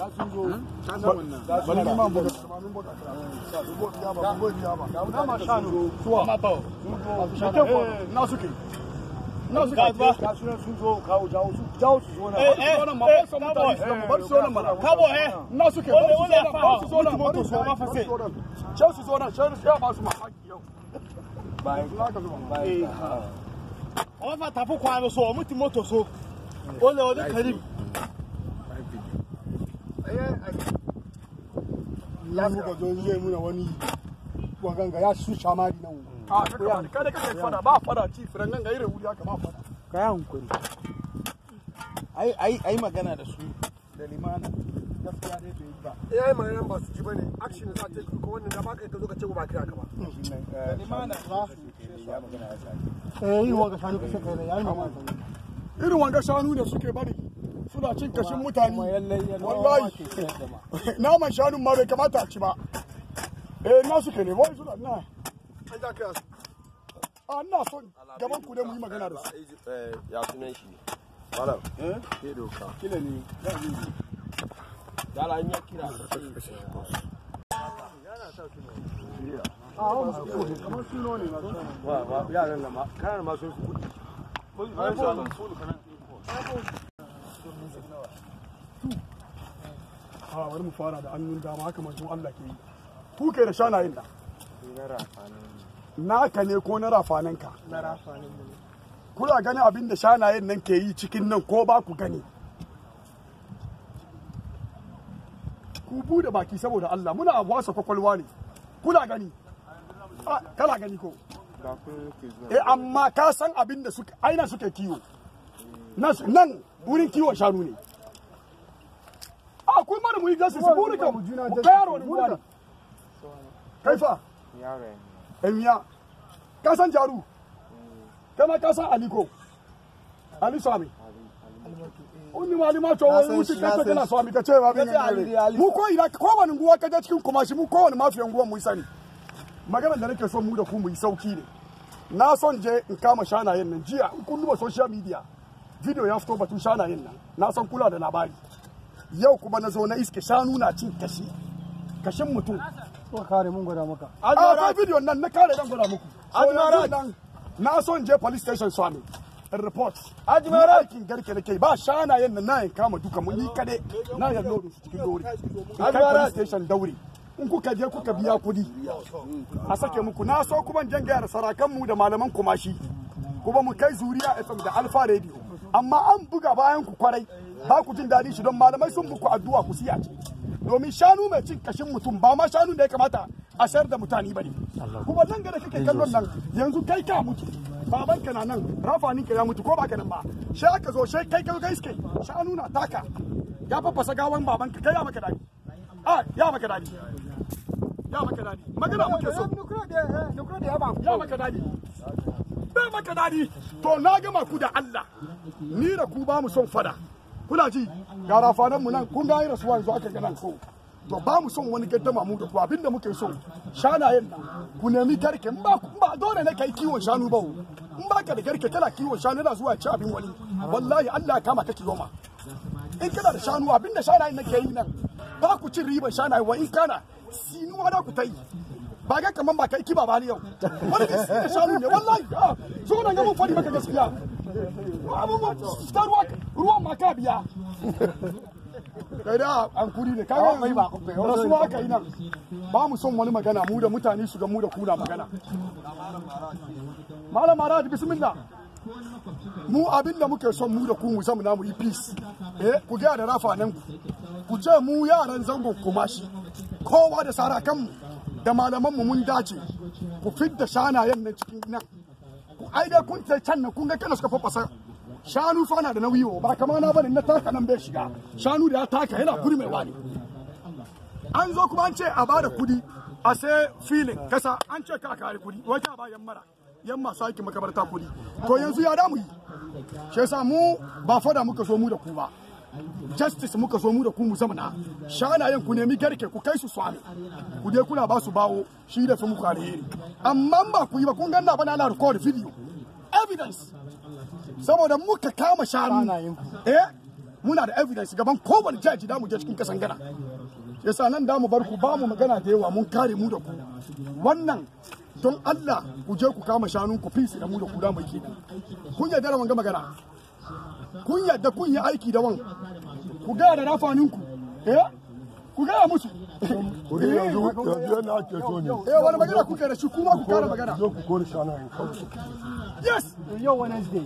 na su kai ka su sun zo kawo jawo su jawo su zo na eh eh ma ba su mutane su ma ba su zo na mara kabo eh na su kai ba su zo na ba su zo na ba su zo na fa sai jawo su zo na jawo su ya ba su ma haki yau bai kula ka zo bai eh o fa tafi kwano so mutum moto so ole ole karim ya muna wani ya su shamari nan a kada fada ba fada ci firan irin wuri haka ba fada hankuri ai ai ai magana da su da limana gaskiya dai ba ba su ji bane action za ta ko da ba ka zo ka ce ba kira ka ba da limana ba ya magana ya eh yi shanu kai ne irin shanu suke bari suna cin kashin mutane wallahi naman shanun ma bai kamata a ci ba eh na ke ne wai suna na a ah, na son gaban ku da mu yi magana da su eh, ya sunan shi wala eh ke doka kile ni da yi ah, kira a bari mu fara da hannun dama haka manzo Allah ke yi ku kai da shana yin da naka ne ko na rafanan ka na rafanin ne kuna gani abin da shanayen nan ke yi cikin nan ko ba ku gani ku bude baki saboda Allah muna abuwa sa kwakwalwa ne kuna gani ah, kana gani ko eh amma ka san abin da suke aina suke kiwo eh. nan wurin kiwon shanu ne a ah, kun mana muyi justice buri kam ka yaro ne buri kai fa emiya kasan jaru eh. kai ma aliko ali sami Oni ma alima to wani wuce kanta tana so mi ka ce ba mu ko ina ko wani nguwa ka je cikin shi mu ko wani mafiyan guwan mu sani magana da nake so mu da ku mu yi sauki ne na son je in kama shanayen nan jiya in kun social media video ya fito batun shanayen nan na san kula da labari yau kuma na zo na iske shanu na cin kashi kashin mutum ko kare mun gwada maka akwai video nan na kare dan gwada muku admara na so in je police station so ne in report admara kin garke nake ba shanayen nan na yin kama duka mun ni kade na ya lodi su cikin lori admara station dauri. in kuka je kuka biya kudi a sake muku na so kuma jan gayar sarakan mu da malaman kumashi kuma mu kai zuriya FM da Alfa Radio amma an buga bayan ku kwarai ba ku jin daɗi shi don malamai sun muku addu'a ku siya ce domin shanu mai cin kashin mutum ba ma shanu da ya kamata a sayar da mutane ba ne kuma nan da kake kallon nan yanzu kai ka mutu baban ka na nan rafanin ka ya mutu ko ba ka nan ba shi aka zo shi kai ka zo kai shanu na taka ya fafasa gawan baban ka kai ya maka dadi a ya maka dadi ya maka dadi magana muke so eh, eh, eh, ya maka dadi bai maka dadi to na gama ku da Allah ni da ku ba mu son fada kula ji ga rafanan mu nan kun ga irin suwa yanzu aka ga nan ko to ba mu son wani gaddama mu da ku abinda muke so shanayen ku nemi garke in ba ba dole ne kai kiwon shanu ba in ba ka da garke kana kiwon shanu na zuwa ci abin wani wallahi Allah ya kama ka goma in kana da shanu abinda shanayen nake yi nan ba ku cin riban shanayen wa in kana sinuwa da ku ta yi ba ga kaman ba kai kiba ba ni yau wani gaskiya shanu ne wallahi ah, zo nan ga mun fadi maka gaskiya abubuwan ta ruwa ruwan ma ka biya kai da hankuri ne kai mai ba rasuwa aka yi nan ba mu son wani magana mu da mutane su ga mu da kuna magana malam marad bismillah mu abin da muke son mu da ku mu zama namu yi peace eh ku ga da rafa nan ku ce mu yaran zangon kumashi kowa da sara kanmu da mu mun dace ku fidda shanayen nan cikin nan ku ai kun ce can nan kun ga kana suka fafasa shanu fa na da nauyi ba kamar na bane na taka nan bai shiga shanu da ya taka yana guri mai wani an zo kuma an ce a bada kudi a sai filin kasa an ce ka kare kudi waje a bayan mara yan masu aiki makabarta kudi to yanzu ya damu yi shi yasa mu ba fada muka zo mu da ku ba justice muka zo mu da ku mu zama zamana shanayen ku nemi garke ku kai su swami ku je kuna ba su bawo shi da fi muku alheri amma ba ku yi ba kun ganna na na record video evidence saboda muka kama shanu eh muna da evidence gaban kowane jaji da mu je cikin kasan gana yasa nan da mu bar ku ba mu magana da yawa mun kare mu da ku wannan don Allah ku je ku kama shanun ku fisi da mu da ku da mu ke kun yarda da ga magana kun yadda kun aiki da wan ku gaya da rafaninku eh? ku gaya musu eh, eh wani magana shi kuma ku kara magana ku kore shana yes yau wednesday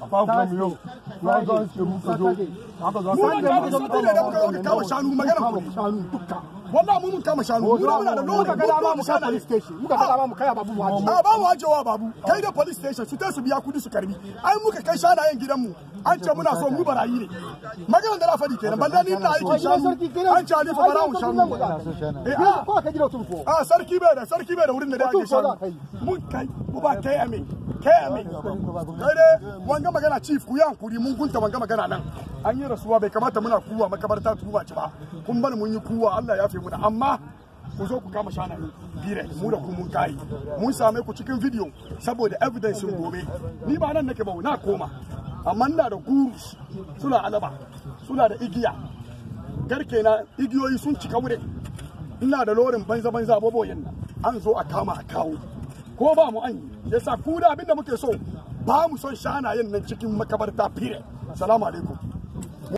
apart from magana ku shanu wallahi mu mun kama shanu mu muna da lori muka ga mu kai police station muka ga mu kai babu mu haji a ba mu hajewa babu kai da police station su su biya kudi su karbi ai muka kai shanayen gidan mu an ce muna so mu barayi ne maganar da na faɗi kenan banda ni ina aikin shanu an ce alifa barawun shanu eh, ah. a ah, sarki bai da sarki bai da wurin da da ake shanu mun kai mu ba kai amin kame dai wanga magana chief ku yankuri mun gunta wanga magana nan an yi rasuwa bai kamata muna kuwa makabarta tuba ci ba kun bar mun yi kuwa Allah ya fi muna amma ku zo ku kama shana bire mu da ku mun kai mun same ku cikin video saboda evidence gobe ni ba nan nake ba na koma amma na da gurus suna alaba suna da igiya garke na igiyoyi sun cika wurin ina da lorin banza banza boboyin an zo a kama a kawo ko ba mu an yi yasa ku da abinda muke so ba mu son shanayen nan cikin makabarta pire salamu alaikum